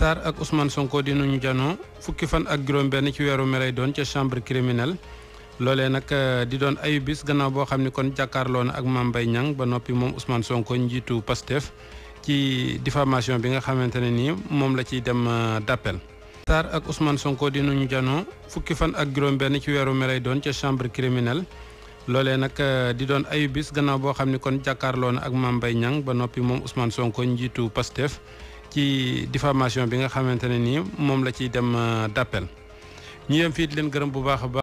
Sarr ak Ousmane Sonko dinañu janoo fukki fan ak juróom-benn ci weeru melay doon ca chambre criminelle loolee nag euh, di doon ayu bis gannaaw boo xam ne kon jàkkaarloo na ak Mame Mbaye ba noppi moom Ousmane Sonko njiitu Pastef ci diffamation bi nga xamante ne nii moom la ciy dem euh, d'appel. Sarr ak Ousmane Sonko dinañu janoo fukki fan ak juróom-benn ci weeru melay doon ca chambre criminelle loolee nag euh, di doon ayu bis gannaaw boo xam ne kon jàkkaarloo na ak Mame ñang ba noppi moom Ousmane Sonko njiitu Pastef. ci diffamation bi nga xamante ne nii moom la ciy dem euh, d'appel ñu yem fii di leen gërëm bu baax a